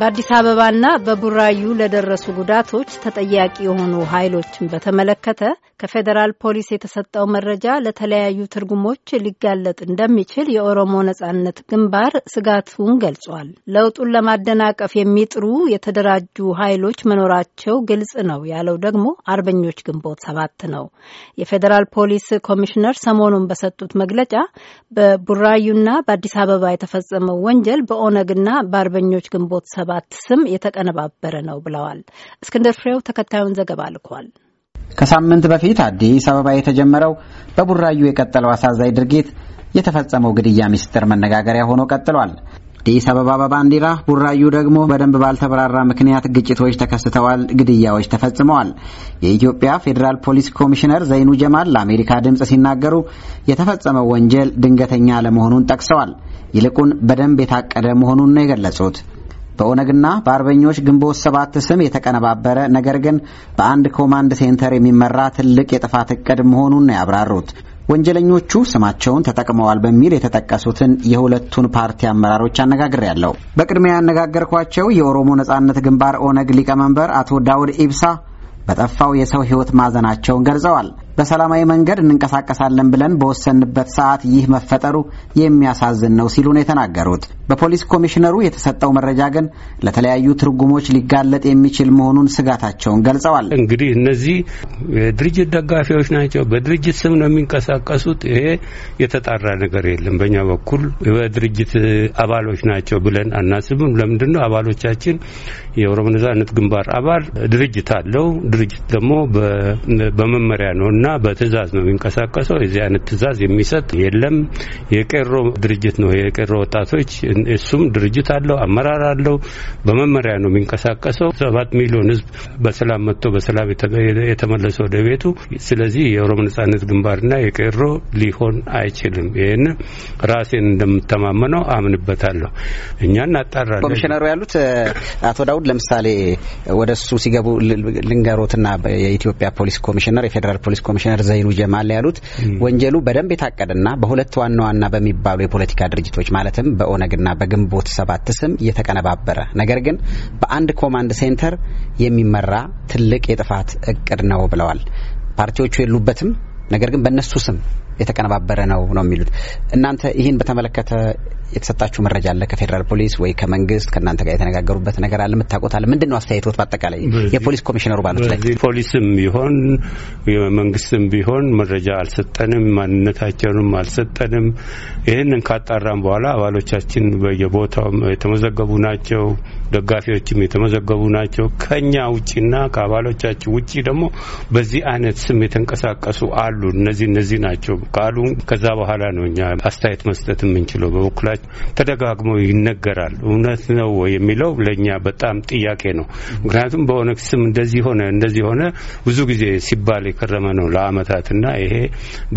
በአዲስ አበባና በቡራዩ ለደረሱ ጉዳቶች ተጠያቂ የሆኑ ኃይሎችን በተመለከተ ከፌዴራል ፖሊስ የተሰጠው መረጃ ለተለያዩ ትርጉሞች ሊጋለጥ እንደሚችል የኦሮሞ ነጻነት ግንባር ስጋቱን ገልጿል። ለውጡን ለማደናቀፍ የሚጥሩ የተደራጁ ኃይሎች መኖራቸው ግልጽ ነው ያለው ደግሞ አርበኞች ግንቦት ሰባት ነው። የፌዴራል ፖሊስ ኮሚሽነር ሰሞኑን በሰጡት መግለጫ በቡራዩና በአዲስ አበባ የተፈጸመው ወንጀል በኦነግና በአርበኞች ግንቦት ሰባት ሰባት ስም የተቀነባበረ ነው ብለዋል። እስክንድር ፍሬው ተከታዩን ዘገባ ልኳል። ከሳምንት በፊት አዲስ አበባ የተጀመረው በቡራዩ የቀጠለው አሳዛኝ ድርጊት የተፈጸመው ግድያ ምስጢር መነጋገሪያ ሆኖ ቀጥሏል። አዲስ አበባ በባንዲራ ቡራዩ ደግሞ በደንብ ባልተብራራ ምክንያት ግጭቶች ተከስተዋል፣ ግድያዎች ተፈጽመዋል። የኢትዮጵያ ፌዴራል ፖሊስ ኮሚሽነር ዘይኑ ጀማል ለአሜሪካ ድምፅ ሲናገሩ የተፈጸመው ወንጀል ድንገተኛ አለመሆኑን ጠቅሰዋል። ይልቁን በደንብ የታቀደ መሆኑን ነው የገለጹት። በኦነግና በአርበኞች ግንቦት ሰባት ስም የተቀነባበረ ነገር ግን በአንድ ኮማንድ ሴንተር የሚመራ ትልቅ የጥፋት እቅድ መሆኑን ነው ያብራሩት። ወንጀለኞቹ ስማቸውን ተጠቅመዋል በሚል የተጠቀሱትን የሁለቱን ፓርቲ አመራሮች አነጋግሬያለሁ። በቅድሚያ ያነጋገርኳቸው የኦሮሞ ነጻነት ግንባር ኦነግ ሊቀመንበር አቶ ዳውድ ኢብሳ በጠፋው የሰው ሕይወት ማዘናቸውን ገልጸዋል። በሰላማዊ መንገድ እንንቀሳቀሳለን ብለን በወሰንበት ሰዓት ይህ መፈጠሩ የሚያሳዝን ነው ሲሉ ነው የተናገሩት። በፖሊስ ኮሚሽነሩ የተሰጠው መረጃ ግን ለተለያዩ ትርጉሞች ሊጋለጥ የሚችል መሆኑን ስጋታቸውን ገልጸዋል። እንግዲህ እነዚህ የድርጅት ደጋፊዎች ናቸው፣ በድርጅት ስም ነው የሚንቀሳቀሱት። ይሄ የተጣራ ነገር የለም። በእኛ በኩል በድርጅት አባሎች ናቸው ብለን አናስብም። ለምንድን ነው አባሎቻችን የኦሮሞ ነጻነት ግንባር አባል ድርጅት አለው። ድርጅት ደግሞ በመመሪያ ነው እና በትእዛዝ ነው የሚንቀሳቀሰው። የዚህ አይነት ትእዛዝ የሚሰጥ የለም። የቄሮ ድርጅት ነው የቄሮ ወጣቶች፣ እሱም ድርጅት አለው፣ አመራር አለው። በመመሪያ ነው የሚንቀሳቀሰው። ሰባት ሚሊዮን ህዝብ በሰላም መጥቶ በሰላም የተመለሰ ወደ ቤቱ። ስለዚህ የኦሮሞ ነጻነት ግንባርና የቄሮ ሊሆን አይችልም። ይህን ራሴን እንደምተማመነው አምንበታለሁ። እኛ እናጣራለን። ኮሚሽነሩ ያሉት አቶ ዳውድ ለምሳሌ ወደ እሱ ሲገቡ ልንገሮትና የኢትዮጵያ ፖሊስ ኮሚሽነር የፌዴራል ፖሊስ ኮሚሽነር ዘይኑ ጀማል ያሉት ወንጀሉ በደንብ የታቀደና በሁለት ዋና ዋና በሚባሉ የፖለቲካ ድርጅቶች ማለትም በኦነግና በግንቦት ሰባት ስም የተቀነባበረ ነገር ግን በአንድ ኮማንድ ሴንተር የሚመራ ትልቅ የጥፋት እቅድ ነው ብለዋል። ፓርቲዎቹ የሉበትም፣ ነገር ግን በእነሱ ስም የተቀነባበረ ነው ነው የሚሉት እናንተ ይህን በተመለከተ የተሰጣችሁ መረጃ አለ? ከፌዴራል ፖሊስ ወይ ከመንግስት ከእናንተ ጋር የተነጋገሩበት ነገር አለ? የምታውቁት አለ? ምንድን ነው አስተያየቶት? በአጠቃላይ የፖሊስ ኮሚሽነሩ ባሉት ላይ ፖሊስም ቢሆን መንግስትም ቢሆን መረጃ አልሰጠንም፣ ማንነታቸውንም አልሰጠንም። ይህንን ካጣራም በኋላ አባሎቻችን በየቦታው የተመዘገቡ ናቸው፣ ደጋፊዎችም የተመዘገቡ ናቸው። ከኛ ውጭና ከአባሎቻችን ውጭ ደግሞ በዚህ አይነት ስም የተንቀሳቀሱ አሉ። እነዚህ እነዚህ ናቸው ቃሉ ከዛ በኋላ ነው እኛ አስተያየት መስጠት የምንችለው። በበኩላች ተደጋግሞ ይነገራል። እውነት ነው የሚለው ለእኛ በጣም ጥያቄ ነው። ምክንያቱም በኦነግ ስም እንደዚህ ሆነ እንደዚህ ሆነ ብዙ ጊዜ ሲባል የከረመ ነው ለአመታትና ይሄ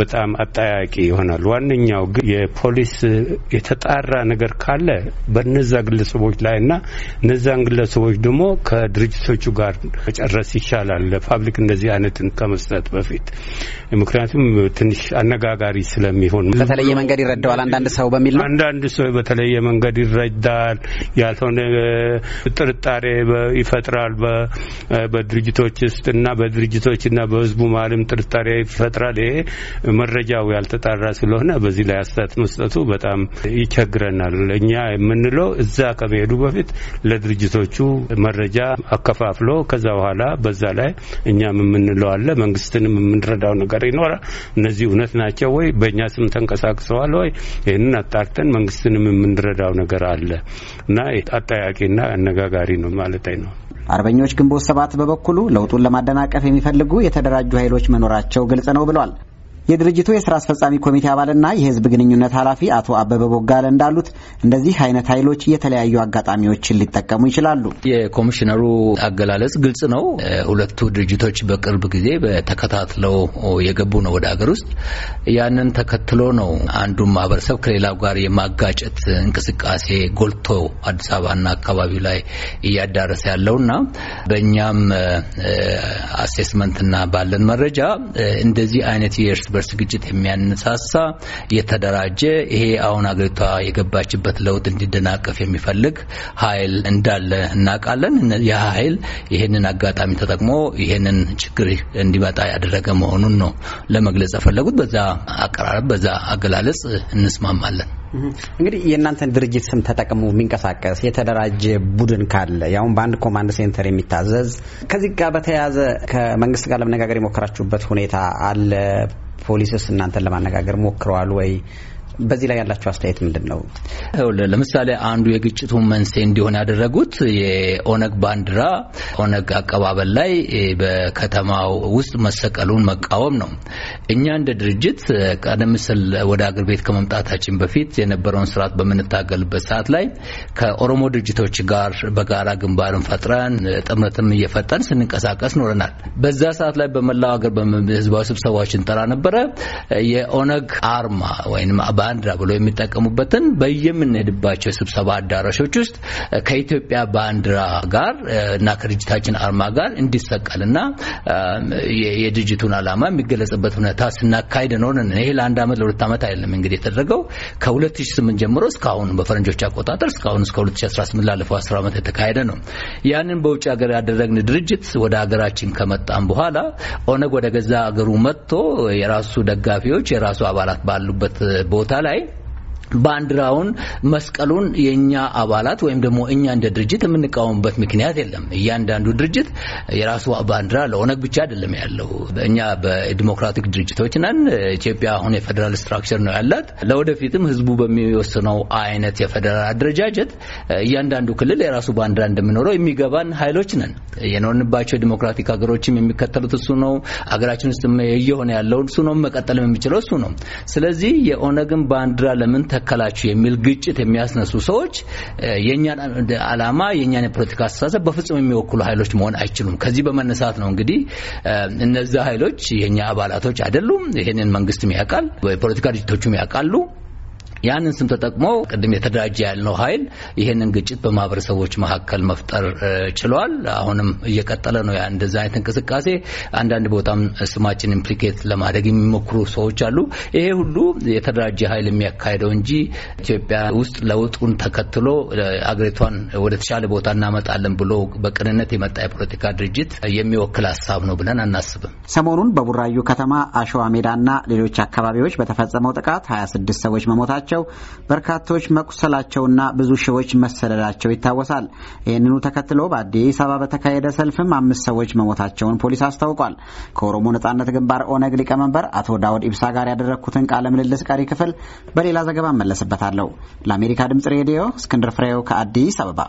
በጣም አጠያቂ ይሆናል። ዋነኛው ግን የፖሊስ የተጣራ ነገር ካለ በነዛ ግለሰቦች ላይ እና እነዛን ግለሰቦች ደግሞ ከድርጅቶቹ ጋር መጨረስ ይቻላል ለፓብሊክ እንደዚህ አይነትን ከመስጠት በፊት ምክንያቱም ትንሽ አነጋጋሪ ስለሚሆን በተለየ መንገድ ይረዳዋል። አንዳንድ ሰው በሚል ነው። አንዳንድ ሰው በተለየ መንገድ ይረዳል፣ ያልሆነ ጥርጣሬ ይፈጥራል በድርጅቶች ውስጥ እና እና በህዝቡ መሀልም ጥርጣሬ ይፈጥራል። ይሄ መረጃው ያልተጣራ ስለሆነ በዚህ ላይ አስተያየት መስጠቱ በጣም ይቸግረናል። እኛ የምንለው እዛ ከመሄዱ በፊት ለድርጅቶቹ መረጃ አከፋፍሎ ከዛ በኋላ በዛ ላይ እኛም የምንለው አለ መንግስትንም የምንረዳው ነገር ይኖራል። እነዚህ እውነት ናቸው ወይ፣ በእኛ ስም ተንቀሳቅሰዋል ወይ፣ ይህንን አጣርተን መንግስትንም የምንረዳው ነገር አለ እና አጠያቂና አነጋጋሪ ነው ማለት ነው። አርበኞች ግንቦት ሰባት በበኩሉ ለውጡን ለማደናቀፍ የሚፈልጉ የተደራጁ ኃይሎች መኖራቸው ግልጽ ነው ብሏል። የድርጅቱ የስራ አስፈጻሚ ኮሚቴ አባልና የህዝብ ግንኙነት ኃላፊ አቶ አበበ ቦጋለ እንዳሉት እንደዚህ አይነት ኃይሎች የተለያዩ አጋጣሚዎችን ሊጠቀሙ ይችላሉ። የኮሚሽነሩ አገላለጽ ግልጽ ነው። ሁለቱ ድርጅቶች በቅርብ ጊዜ ተከታትለው የገቡ ነው ወደ ሀገር ውስጥ። ያንን ተከትሎ ነው አንዱ ማህበረሰብ ከሌላው ጋር የማጋጨት እንቅስቃሴ ጎልቶ አዲስ አበባና አካባቢው ላይ እያዳረሰ ያለውና በእኛም አሴስመንትና ባለን መረጃ እንደዚህ አይነት የእርስ በርስ ግጭት የሚያነሳሳ የተደራጀ ይሄ አሁን አገሪቷ የገባችበት ለውጥ እንዲደናቀፍ የሚፈልግ ኃይል እንዳለ እናውቃለን። ያ ኃይል ይህንን አጋጣሚ ተጠቅሞ ይህንን ችግር እንዲመጣ ያደረገ መሆኑን ነው ለመግለጽ የፈለጉት። በዛ አቀራረብ፣ በዛ አገላለጽ እንስማማለን። እንግዲህ የእናንተን ድርጅት ስም ተጠቅሞ የሚንቀሳቀስ የተደራጀ ቡድን ካለ ያሁን በአንድ ኮማንድ ሴንተር የሚታዘዝ ከዚህ ጋር በተያያዘ ከመንግስት ጋር ለመነጋገር የሞከራችሁበት ሁኔታ አለ? ፖሊስስ እናንተን ለማነጋገር ሞክረዋል ወይ? በዚህ ላይ ያላቸው አስተያየት ምንድን ነው? ለምሳሌ አንዱ የግጭቱ መንስኤ እንዲሆን ያደረጉት የኦነግ ባንዲራ ኦነግ አቀባበል ላይ በከተማው ውስጥ መሰቀሉን መቃወም ነው። እኛ እንደ ድርጅት ቀደም ሲል ወደ አገር ቤት ከመምጣታችን በፊት የነበረውን ስርዓት በምንታገልበት ሰዓት ላይ ከኦሮሞ ድርጅቶች ጋር በጋራ ግንባርን ፈጥረን ጥምረትም እየፈጠን ስንንቀሳቀስ ኖረናል። በዛ ሰዓት ላይ በመላው ሀገር ህዝባዊ ስብሰባዎችን ጠራ ነበረ የኦነግ አርማ ወይም ባንዲራ ብሎ የሚጠቀሙበትን በየምንሄድባቸው ስብሰባ አዳራሾች ውስጥ ከኢትዮጵያ ባንዲራ ጋር እና ከድርጅታችን አርማ ጋር እንዲሰቀልና የድርጅቱን ዓላማ የሚገለጽበት ሁኔታ ስናካሄድ ነው። ይሄ ለአንድ ዓመት ለሁለት ዓመት አይደለም እንግዲህ የተደረገው ከ2008 ጀምሮ እስካሁን በፈረንጆች አቆጣጠር እስካሁን እስከ 2018 ላለፈው 10 ዓመት የተካሄደ ነው። ያንን በውጭ ሀገር ያደረግን ድርጅት ወደ ሀገራችን ከመጣም በኋላ ኦነግ ወደ ገዛ ሀገሩ መጥቶ የራሱ ደጋፊዎች የራሱ አባላት ባሉበት ቦታ ላይ ባንዲራውን መስቀሉን የኛ አባላት ወይም ደግሞ እኛ እንደ ድርጅት የምንቃወምበት ምክንያት የለም። እያንዳንዱ ድርጅት የራሱ ባንዲራ ለኦነግ ብቻ አይደለም ያለው። እኛ በዲሞክራቲክ ድርጅቶች ነን። ኢትዮጵያ አሁን የፌዴራል ስትራክቸር ነው ያላት። ለወደፊትም ህዝቡ በሚወስነው አይነት የፌዴራል አደረጃጀት እያንዳንዱ ክልል የራሱ ባንዲራ እንደሚኖረው የሚገባን ኃይሎች ነን። የኖርንባቸው ዲሞክራቲክ ሀገሮችም የሚከተሉት እሱ ነው። ሀገራችን ውስጥ እየሆነ ያለው እሱ ነው። መቀጠል የሚችለው እሱ ነው። ስለዚህ የኦነግን ባንዲራ ለምን ተከላችሁ የሚል ግጭት የሚያስነሱ ሰዎች የእኛን አላማ የእኛን የፖለቲካ አስተሳሰብ በፍጹም የሚወክሉ ኃይሎች መሆን አይችሉም። ከዚህ በመነሳት ነው እንግዲህ እነዛ ኃይሎች የእኛ አባላቶች አይደሉም። ይህንን መንግስትም ያውቃል፣ የፖለቲካ ድርጅቶቹም ያውቃሉ። ያንን ስም ተጠቅሞ ቅድም የተደራጀ ያልነው ኃይል ይህንን ግጭት በማህበረሰቦች መካከል መፍጠር ችሏል። አሁንም እየቀጠለ ነው። ያ እንደዚህ አይነት እንቅስቃሴ አንዳንድ ቦታም ስማችን ኢምፕሊኬት ለማድረግ የሚሞክሩ ሰዎች አሉ። ይሄ ሁሉ የተደራጀ ኃይል የሚያካሄደው እንጂ ኢትዮጵያ ውስጥ ለውጡን ተከትሎ አገሪቷን ወደ ተሻለ ቦታ እናመጣለን ብሎ በቅንነት የመጣ የፖለቲካ ድርጅት የሚወክል ሀሳብ ነው ብለን አናስብም። ሰሞኑን በቡራዩ ከተማ አሸዋ ሜዳና ሌሎች አካባቢዎች በተፈጸመው ጥቃት 26 ሰዎች መሞታቸው በመውደቃቸው በርካቶች መቁሰላቸውና ብዙ ሺዎች መሰደዳቸው ይታወሳል። ይህንኑ ተከትሎ በአዲስ አበባ በተካሄደ ሰልፍም አምስት ሰዎች መሞታቸውን ፖሊስ አስታውቋል። ከኦሮሞ ነጻነት ግንባር ኦነግ ሊቀመንበር አቶ ዳውድ ኢብሳ ጋር ያደረግኩትን ቃለ ምልልስ ቀሪ ክፍል በሌላ ዘገባ እመለስበታለሁ። ለአሜሪካ ድምጽ ሬዲዮ እስክንድር ፍሬው ከአዲስ አበባ